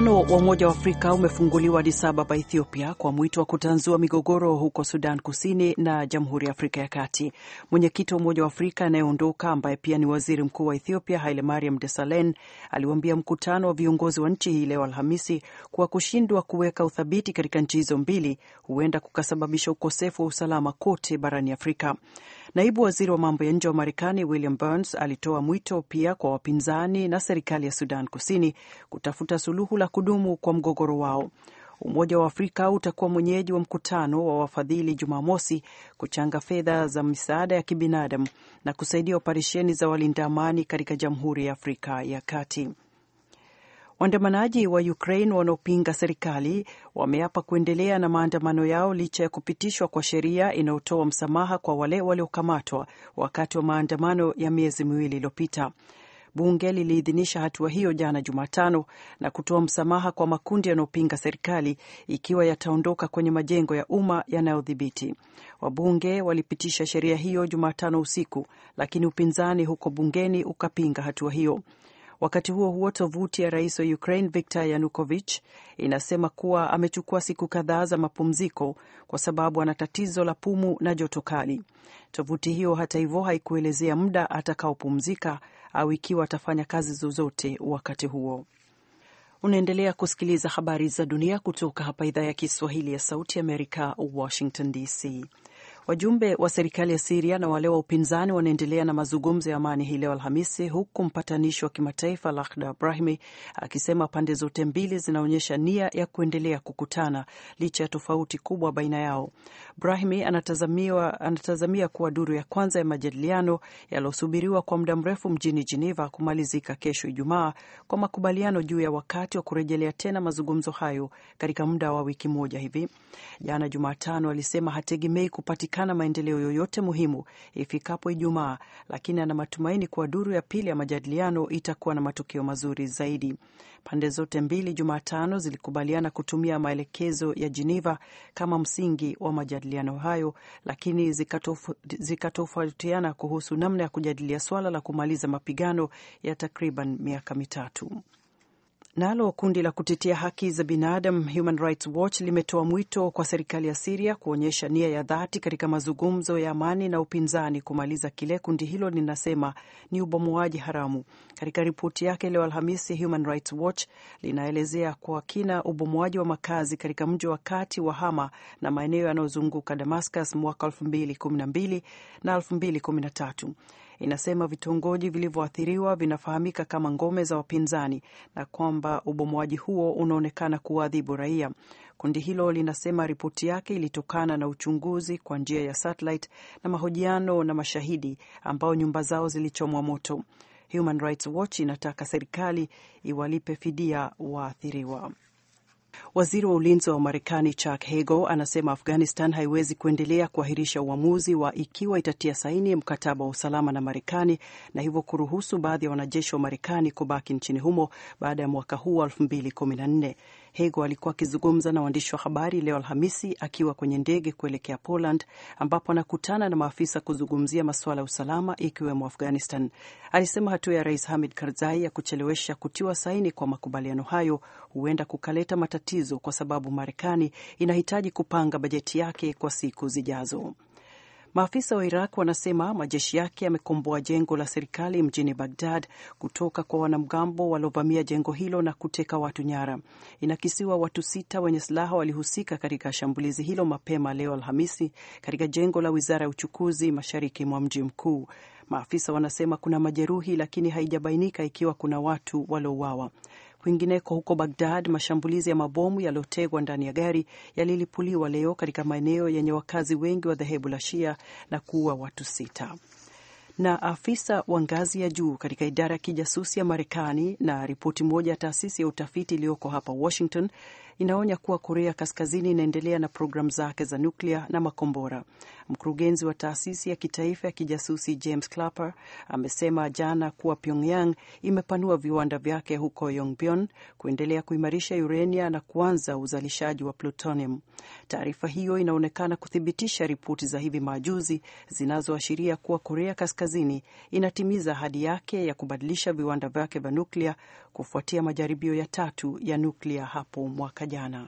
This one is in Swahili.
Mkutano wa Umoja wa Afrika umefunguliwa Addis Ababa, Ethiopia, kwa mwito wa kutanzua migogoro huko Sudan Kusini na Jamhuri ya Afrika ya Kati. Mwenyekiti wa Umoja wa Afrika anayeondoka ambaye pia ni waziri mkuu wa Ethiopia, Haile Mariam Desalegn, aliwaambia mkutano wa viongozi wa nchi hii leo Alhamisi kuwa kushindwa kuweka uthabiti katika nchi hizo mbili huenda kukasababisha ukosefu wa usalama kote barani Afrika. Naibu waziri wa mambo ya nje wa Marekani William Burns alitoa mwito pia kwa wapinzani na serikali ya Sudan Kusini kutafuta suluhu la kudumu kwa mgogoro wao. Umoja wa Afrika utakuwa mwenyeji wa mkutano wa wafadhili Jumamosi kuchanga fedha za misaada ya kibinadamu na kusaidia operesheni za walinda amani katika Jamhuri ya Afrika ya Kati. Waandamanaji wa Ukraine wanaopinga serikali wameapa kuendelea na maandamano yao licha ya kupitishwa kwa sheria inayotoa msamaha kwa wale waliokamatwa wakati wa maandamano ya miezi miwili iliyopita. Bunge liliidhinisha hatua hiyo jana Jumatano na kutoa msamaha kwa makundi yanayopinga serikali ikiwa yataondoka kwenye majengo ya umma yanayodhibiti. Wabunge walipitisha sheria hiyo Jumatano usiku, lakini upinzani huko bungeni ukapinga hatua hiyo. Wakati huo huo, tovuti ya rais wa Ukraine Viktor yanukovich inasema kuwa amechukua siku kadhaa za mapumziko kwa sababu ana tatizo la pumu na joto kali. Tovuti hiyo hata hivyo haikuelezea muda atakaopumzika au ikiwa atafanya kazi zozote wakati huo. Unaendelea kusikiliza habari za dunia kutoka hapa idhaa ya Kiswahili ya Sauti ya Amerika, Washington DC. Wajumbe wa serikali ya Siria na wale wa upinzani wanaendelea na mazungumzo ya amani hii leo Alhamisi, huku mpatanishi wa kimataifa Lakhdar Brahimi akisema pande zote mbili zinaonyesha nia ya kuendelea kukutana licha ya tofauti kubwa baina yao. Brahimi anatazamia kuwa duru ya kwanza ya majadiliano yaliyosubiriwa kwa muda mrefu mjini Jeneva kumalizika kesho Ijumaa kwa makubaliano juu ya wakati wa kurejelea tena mazungumzo hayo katika muda wa wiki moja hivi. Jana Jumatano alisema hategemei kupatikana kupatikana maendeleo yoyote muhimu ifikapo Ijumaa, lakini ana matumaini kuwa duru ya pili ya majadiliano itakuwa na matokeo mazuri zaidi. Pande zote mbili Jumatano zilikubaliana kutumia maelekezo ya Jeneva kama msingi wa majadiliano hayo, lakini zikatofautiana zika kuhusu namna ya kujadilia swala la kumaliza mapigano ya takriban miaka mitatu. Nalo kundi la kutetea haki za binadamu Human Rights Watch limetoa mwito kwa serikali ya Siria kuonyesha nia ya dhati katika mazungumzo ya amani na upinzani kumaliza kile kundi hilo linasema ni ubomoaji haramu. Katika ripoti yake leo Alhamisi, Human Rights Watch linaelezea kwa kina ubomoaji wa makazi katika mji wa kati wa Hama na maeneo yanayozunguka Damascus mwaka 2012 na 2013 inasema vitongoji vilivyoathiriwa vinafahamika kama ngome za wapinzani na kwamba ubomoaji huo unaonekana kuwaadhibu raia. Kundi hilo linasema ripoti yake ilitokana na uchunguzi kwa njia ya satellite na mahojiano na mashahidi ambao nyumba zao zilichomwa moto. Human Rights Watch inataka serikali iwalipe fidia waathiriwa. Waziri wa ulinzi wa Marekani Chuck Hagel anasema Afghanistan haiwezi kuendelea kuahirisha uamuzi wa ikiwa itatia saini mkataba wa usalama na Marekani na hivyo kuruhusu baadhi ya wanajeshi wa Marekani kubaki nchini humo baada ya mwaka huu wa 2014. Hego alikuwa akizungumza na waandishi wa habari leo Alhamisi akiwa kwenye ndege kuelekea Poland, ambapo anakutana na maafisa kuzungumzia masuala ya usalama ikiwemo Afghanistan. Alisema hatua ya Rais Hamid Karzai ya kuchelewesha kutiwa saini kwa makubaliano hayo huenda kukaleta matatizo, kwa sababu Marekani inahitaji kupanga bajeti yake kwa siku zijazo. Maafisa wa Iraq wanasema majeshi yake yamekomboa jengo la serikali mjini Bagdad kutoka kwa wanamgambo waliovamia jengo hilo na kuteka watu nyara. Inakisiwa watu sita wenye silaha walihusika katika shambulizi hilo mapema leo Alhamisi katika jengo la wizara ya uchukuzi mashariki mwa mji mkuu. Maafisa wanasema kuna majeruhi, lakini haijabainika ikiwa kuna watu waliouawa. Kwingineko huko Bagdad, mashambulizi ya mabomu yaliyotegwa ndani ya gari yalilipuliwa leo katika maeneo yenye wakazi wengi wa dhehebu la Shia na kuua watu sita na afisa wa ngazi ya juu katika idara ya kijasusi ya Marekani na ripoti moja ya taasisi ya utafiti iliyoko hapa Washington inaonya kuwa Korea Kaskazini inaendelea na programu zake za nuklia na makombora. Mkurugenzi wa taasisi ya kitaifa ya kijasusi James Clapper amesema jana kuwa Pyongyang imepanua viwanda vyake huko Yongbyon, kuendelea kuimarisha urenia na kuanza uzalishaji wa plutonium. Taarifa hiyo inaonekana kuthibitisha ripoti za hivi majuzi zinazoashiria kuwa Korea Kaskazini inatimiza ahadi yake ya kubadilisha viwanda vyake vya nuklia kufuatia majaribio ya tatu ya nuklia hapo mwaka jana.